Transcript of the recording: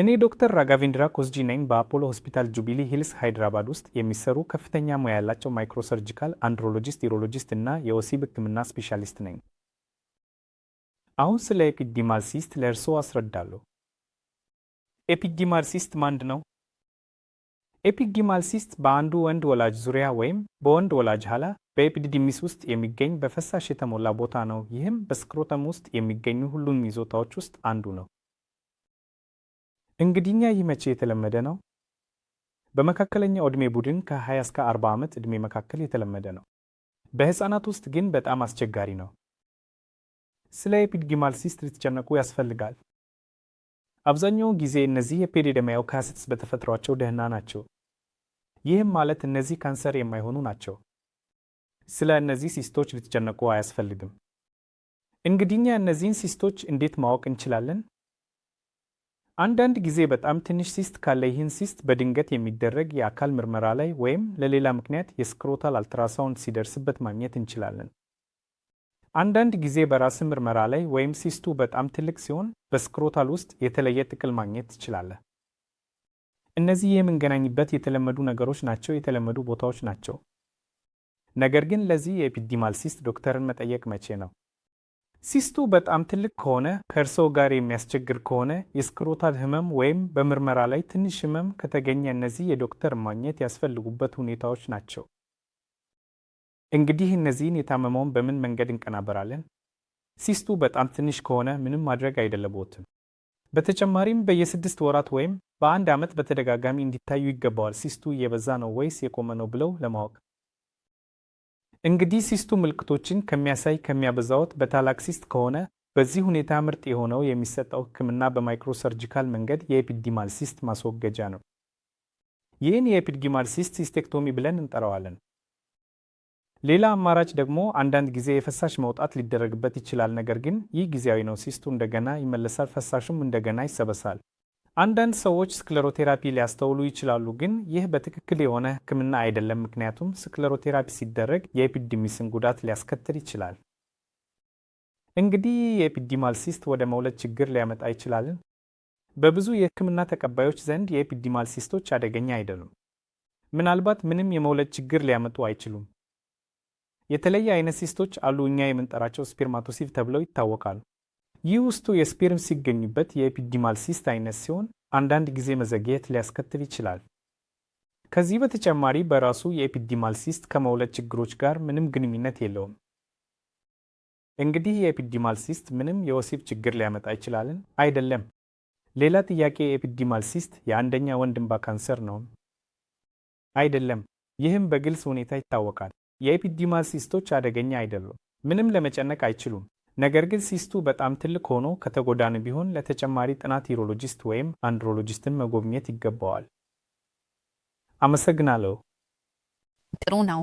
እኔ ዶክተር ራጋቬንድራ ኮስጂ ነኝ። በአፖሎ ሆስፒታል ጁቢሊ ሂልስ ሃይድራባድ ውስጥ የሚሰሩ ከፍተኛ ሙያ ያላቸው ማይክሮሰርጂካል አንድሮሎጂስት፣ ዩሮሎጂስት እና የወሲብ ህክምና ስፔሻሊስት ነኝ። አሁን ስለ ኤፒዲዲማል ሲስት ለእርስዎ አስረዳለሁ። ኤፒዲዲማል ሲስት ማንድ ነው? ኤፒዲዲማል ሲስት በአንዱ ወንድ ወላጅ ዙሪያ ወይም በወንድ ወላጅ ኋላ በኤፒዲዲሚስ ውስጥ የሚገኝ በፈሳሽ የተሞላ ቦታ ነው። ይህም በስክሮተም ውስጥ የሚገኙ ሁሉም ይዞታዎች ውስጥ አንዱ ነው። እንግዲኛ ይህ መቼ የተለመደ ነው? በመካከለኛው ዕድሜ ቡድን ከ20 እስከ 40 ዓመት ዕድሜ መካከል የተለመደ ነው። በሕፃናት ውስጥ ግን በጣም አስቸጋሪ ነው። ስለ ኤፒድጊማል ሲስት ልትጨነቁ ያስፈልጋል። አብዛኛው ጊዜ እነዚህ የፔዴደማያው ካስትስ በተፈጥሯቸው ደህና ናቸው። ይህም ማለት እነዚህ ካንሰር የማይሆኑ ናቸው። ስለ እነዚህ ሲስቶች ልትጨነቁ አያስፈልግም። እንግዲኛ እነዚህን ሲስቶች እንዴት ማወቅ እንችላለን? አንዳንድ ጊዜ በጣም ትንሽ ሲስት ካለ ይህን ሲስት በድንገት የሚደረግ የአካል ምርመራ ላይ ወይም ለሌላ ምክንያት የስክሮታል አልትራሳውንድ ሲደርስበት ማግኘት እንችላለን። አንዳንድ ጊዜ በራስ ምርመራ ላይ ወይም ሲስቱ በጣም ትልቅ ሲሆን በስክሮታል ውስጥ የተለየ ጥቅል ማግኘት ትችላለህ። እነዚህ የምንገናኝበት የተለመዱ ነገሮች ናቸው፣ የተለመዱ ቦታዎች ናቸው። ነገር ግን ለዚህ የኤፒዲማል ሲስት ዶክተርን መጠየቅ መቼ ነው? ሲስቱ በጣም ትልቅ ከሆነ ከእርሶ ጋር የሚያስቸግር ከሆነ የስክሮታል ህመም ወይም በምርመራ ላይ ትንሽ ህመም ከተገኘ እነዚህ የዶክተር ማግኘት ያስፈልጉበት ሁኔታዎች ናቸው። እንግዲህ እነዚህን የታመመውን በምን መንገድ እንቀናበራለን? ሲስቱ በጣም ትንሽ ከሆነ ምንም ማድረግ አይደለቦትም። በተጨማሪም በየስድስት ወራት ወይም በአንድ ዓመት በተደጋጋሚ እንዲታዩ ይገባዋል። ሲስቱ እየበዛ ነው ወይስ የቆመ ነው ብለው ለማወቅ እንግዲህ ሲስቱ ምልክቶችን ከሚያሳይ ከሚያበዛዎት በታላቅ ሲስት ከሆነ በዚህ ሁኔታ ምርጥ የሆነው የሚሰጠው ሕክምና በማይክሮሰርጂካል መንገድ የኤፒድዲማል ሲስት ማስወገጃ ነው። ይህን የኤፒድዲማል ሲስት ሲስቴክቶሚ ብለን እንጠራዋለን። ሌላ አማራጭ ደግሞ አንዳንድ ጊዜ የፈሳሽ መውጣት ሊደረግበት ይችላል። ነገር ግን ይህ ጊዜያዊ ነው። ሲስቱ እንደገና ይመለሳል፣ ፈሳሹም እንደገና ይሰበሳል። አንዳንድ ሰዎች ስክለሮቴራፒ ሊያስተውሉ ይችላሉ፣ ግን ይህ በትክክል የሆነ ሕክምና አይደለም፣ ምክንያቱም ስክለሮቴራፒ ሲደረግ የኤፒዲሚስን ጉዳት ሊያስከትል ይችላል። እንግዲህ የኤፒዲማል ሲስት ወደ መውለድ ችግር ሊያመጣ ይችላልን? በብዙ የሕክምና ተቀባዮች ዘንድ የኤፒዲማል ሲስቶች አደገኛ አይደሉም፣ ምናልባት ምንም የመውለድ ችግር ሊያመጡ አይችሉም። የተለየ አይነት ሲስቶች አሉ፣ እኛ የምንጠራቸው ስፔርማቶሲቭ ተብለው ይታወቃሉ። ይህ ውስጡ የስፔርም ሲገኝበት የኤፒዲማል ሲስት አይነት ሲሆን አንዳንድ ጊዜ መዘግየት ሊያስከትል ይችላል። ከዚህ በተጨማሪ በራሱ የኤፒዲማል ሲስት ከመውለድ ችግሮች ጋር ምንም ግንኙነት የለውም። እንግዲህ የኤፒዲማል ሲስት ምንም የወሲብ ችግር ሊያመጣ ይችላልን? አይደለም። ሌላ ጥያቄ የኤፒዲማል ሲስት የአንደኛ ወንድ እንባ ካንሰር ነው? አይደለም። ይህም በግልጽ ሁኔታ ይታወቃል። የኤፒዲማል ሲስቶች አደገኛ አይደሉም። ምንም ለመጨነቅ አይችሉም። ነገር ግን ሲስቱ በጣም ትልቅ ሆኖ ከተጎዳን ቢሆን ለተጨማሪ ጥናት ዩሮሎጂስት ወይም አንድሮሎጂስትን መጎብኘት ይገባዋል። አመሰግናለሁ። ጥሩ ነው።